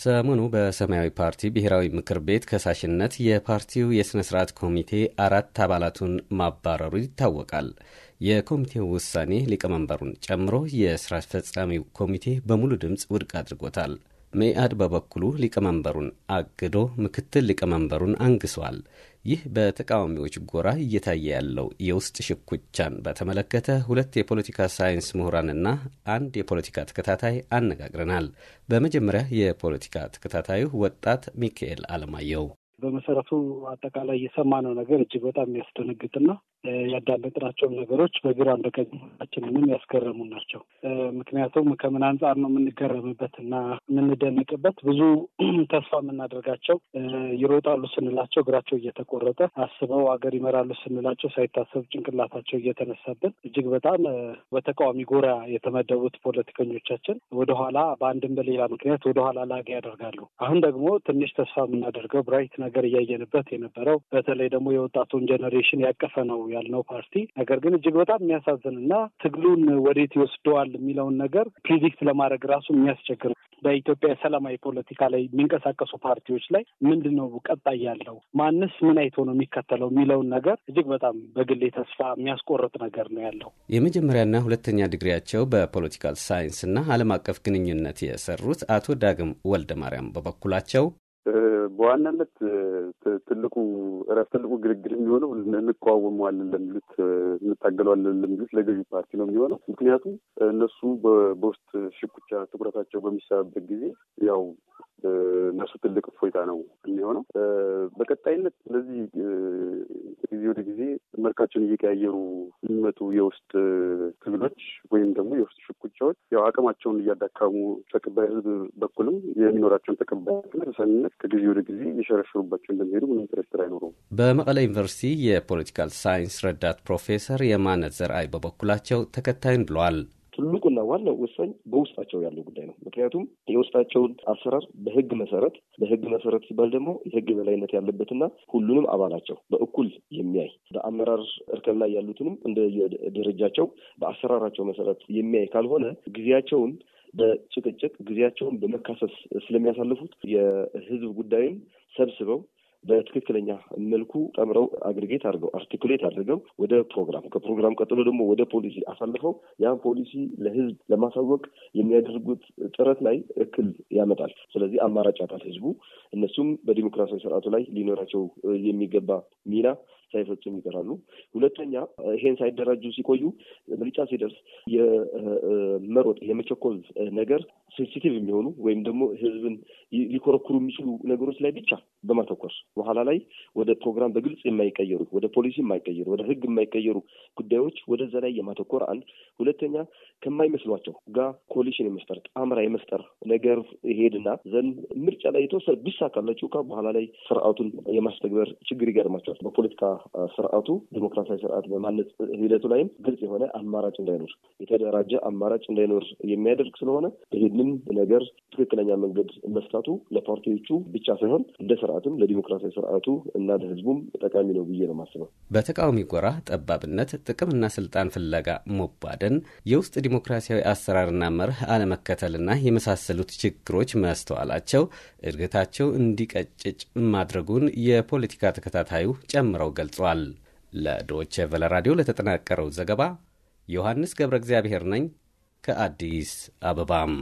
ሰሞኑ በሰማያዊ ፓርቲ ብሔራዊ ምክር ቤት ከሳሽነት የፓርቲው የሥነ ሥርዓት ኮሚቴ አራት አባላቱን ማባረሩ ይታወቃል። የኮሚቴው ውሳኔ ሊቀመንበሩን ጨምሮ የሥራ አስፈጻሚው ኮሚቴ በሙሉ ድምፅ ውድቅ አድርጎታል። መኢአድ በበኩሉ ሊቀመንበሩን አግዶ ምክትል ሊቀመንበሩን አንግሷል። ይህ በተቃዋሚዎች ጎራ እየታየ ያለው የውስጥ ሽኩቻን በተመለከተ ሁለት የፖለቲካ ሳይንስ ምሁራንና አንድ የፖለቲካ ተከታታይ አነጋግረናል። በመጀመሪያ የፖለቲካ ተከታታዩ ወጣት ሚካኤል አለማየሁ በመሰረቱ አጠቃላይ የሰማነው ነገር እጅግ በጣም የሚያስደነግጥና ያዳመጥናቸውም ነገሮች በግራም በቀኝችንንም ያስገረሙ ናቸው። ምክንያቱም ከምን አንጻር ነው የምንገረምበት እና የምንደነቅበት? ብዙ ተስፋ የምናደርጋቸው ይሮጣሉ ስንላቸው እግራቸው እየተቆረጠ አስበው አገር ይመራሉ ስንላቸው ሳይታሰብ ጭንቅላታቸው እየተነሳብን እጅግ በጣም በተቃዋሚ ጎራ የተመደቡት ፖለቲከኞቻችን ወደኋላ በአንድም በሌላ ምክንያት ወደኋላ ላግ ያደርጋሉ። አሁን ደግሞ ትንሽ ተስፋ የምናደርገው ብራይት ነገር ነገር እያየንበት የነበረው በተለይ ደግሞ የወጣቱን ጀኔሬሽን ያቀፈ ነው ያልነው ፓርቲ ነገር ግን እጅግ በጣም የሚያሳዝን እና ትግሉን ወዴት ይወስደዋል የሚለውን ነገር ፕሪዲክት ለማድረግ ራሱ የሚያስቸግር በኢትዮጵያ የሰላማዊ ፖለቲካ ላይ የሚንቀሳቀሱ ፓርቲዎች ላይ ምንድን ነው ቀጣይ ያለው ማንስ ምን አይቶ ነው የሚከተለው የሚለውን ነገር እጅግ በጣም በግሌ ተስፋ የሚያስቆርጥ ነገር ነው ያለው። የመጀመሪያና ሁለተኛ ዲግሪያቸው በፖለቲካል እና ዓለም አቀፍ ግንኙነት የሰሩት አቶ ዳግም ወልደ ማርያም በበኩላቸው በዋናነት ትልቁ እረፍት ትልቁ ግርግር የሚሆነው እንቃወመዋለን ለሚሉት እንታገለዋለን ለሚሉት ለገዢ ፓርቲ ነው የሚሆነው። ምክንያቱም እነሱ በውስጥ ሽኩቻ ትኩረታቸው በሚሰራበት ጊዜ ያው እነሱ ትልቅ እፎይታ ነው የሚሆነው። በቀጣይነት ስለዚህ ከጊዜ ወደ ጊዜ መልካቸውን እየቀያየሩ የሚመጡ የውስጥ ትግሎች ወይም ደግሞ የውስጥ ሽኩቻዎች ያው አቅማቸውን እያዳካሙ ተቀባይ ህዝብ በኩልም የሚኖራቸውን ተቀባይነትና ተሰሚነት ከጊዜ ወደ ጊዜ እየሸረሸሩባቸው እንደሚሄዱ ምንም ጥርጥር አይኖረውም። በመቀለ ዩኒቨርሲቲ የፖለቲካል ሳይንስ ረዳት ፕሮፌሰር የማነ ዘርአይ በበኩላቸው ተከታዩን ብለዋል። ትልቁና ዋናው ወሳኝ በውስጣቸው ያለው ጉዳይ ነው። ምክንያቱም የውስጣቸውን አሰራር በህግ መሰረት በህግ መሰረት ሲባል ደግሞ የህግ በላይነት ያለበትና ሁሉንም አባላቸው በእኩል የሚያይ በአመራር እርከን ላይ ያሉትንም እንደ ደረጃቸው በአሰራራቸው መሰረት የሚያይ ካልሆነ ጊዜያቸውን በጭቅጭቅ ጊዜያቸውን በመካሰስ ስለሚያሳልፉት የህዝብ ጉዳይም ሰብስበው በትክክለኛ መልኩ ጠምረው አግሪጌት አድርገው አርቲኩሌት አድርገው ወደ ፕሮግራም ከፕሮግራም ቀጥሎ ደግሞ ወደ ፖሊሲ አሳልፈው ያን ፖሊሲ ለህዝብ ለማሳወቅ የሚያደርጉት ጥረት ላይ እክል ያመጣል። ስለዚህ አማራጭ ያጣል ህዝቡ። እነሱም በዲሞክራሲያዊ ስርዓቱ ላይ ሊኖራቸው የሚገባ ሚና ሳይፈጽሙ ይቀራሉ። ሁለተኛ ይሄን ሳይደራጁ ሲቆዩ ምርጫ ሲደርስ የመሮጥ የመቸኮል ነገር ሴንሲቲቭ የሚሆኑ ወይም ደግሞ ህዝብን ሊኮረኩሩ የሚችሉ ነገሮች ላይ ብቻ በማተኮር በኋላ ላይ ወደ ፕሮግራም በግልጽ የማይቀየሩ ወደ ፖሊሲ የማይቀየሩ ወደ ህግ የማይቀየሩ ጉዳዮች ወደዛ ላይ የማተኮር አንድ። ሁለተኛ ከማይመስሏቸው ጋር ኮሊሽን የመፍጠር ጣምራ የመፍጠር ነገር ይሄድና ዘን ምርጫ ላይ የተወሰነ ቢሳካላቸው በኋላ ላይ ስርዓቱን የማስተግበር ችግር ይገርማቸዋል። በፖለቲካ ስርዓቱ ዲሞክራሲያዊ ስርዓት በማነጽ ሂደቱ ላይም ግልጽ የሆነ አማራጭ እንዳይኖር የተደራጀ አማራጭ እንዳይኖር የሚያደርግ ስለሆነ ይህንን ነገር ትክክለኛ መንገድ መፍታቱ ለፓርቲዎቹ ብቻ ሳይሆን እንደ ስርዓትም ለዲሞክራሲያዊ ስርዓቱ እና ለህዝቡም ጠቃሚ ነው ብዬ ነው ማስበው። በተቃዋሚ ጎራ ጠባብነት፣ ጥቅምና ስልጣን ፍለጋ ሞባደን የውስጥ ዲሞክራሲያዊ አሰራርና መርህ አለመከተልና የመሳሰሉት ችግሮች መስተዋላቸው እድገታቸው እንዲቀጭጭ ማድረጉን የፖለቲካ ተከታታዩ ጨምረው ገልጸዋል። ገልጿል። ለዶቼ ቨለ ራዲዮ ለተጠናቀረው ዘገባ ዮሐንስ ገብረ እግዚአብሔር ነኝ ከአዲስ አበባም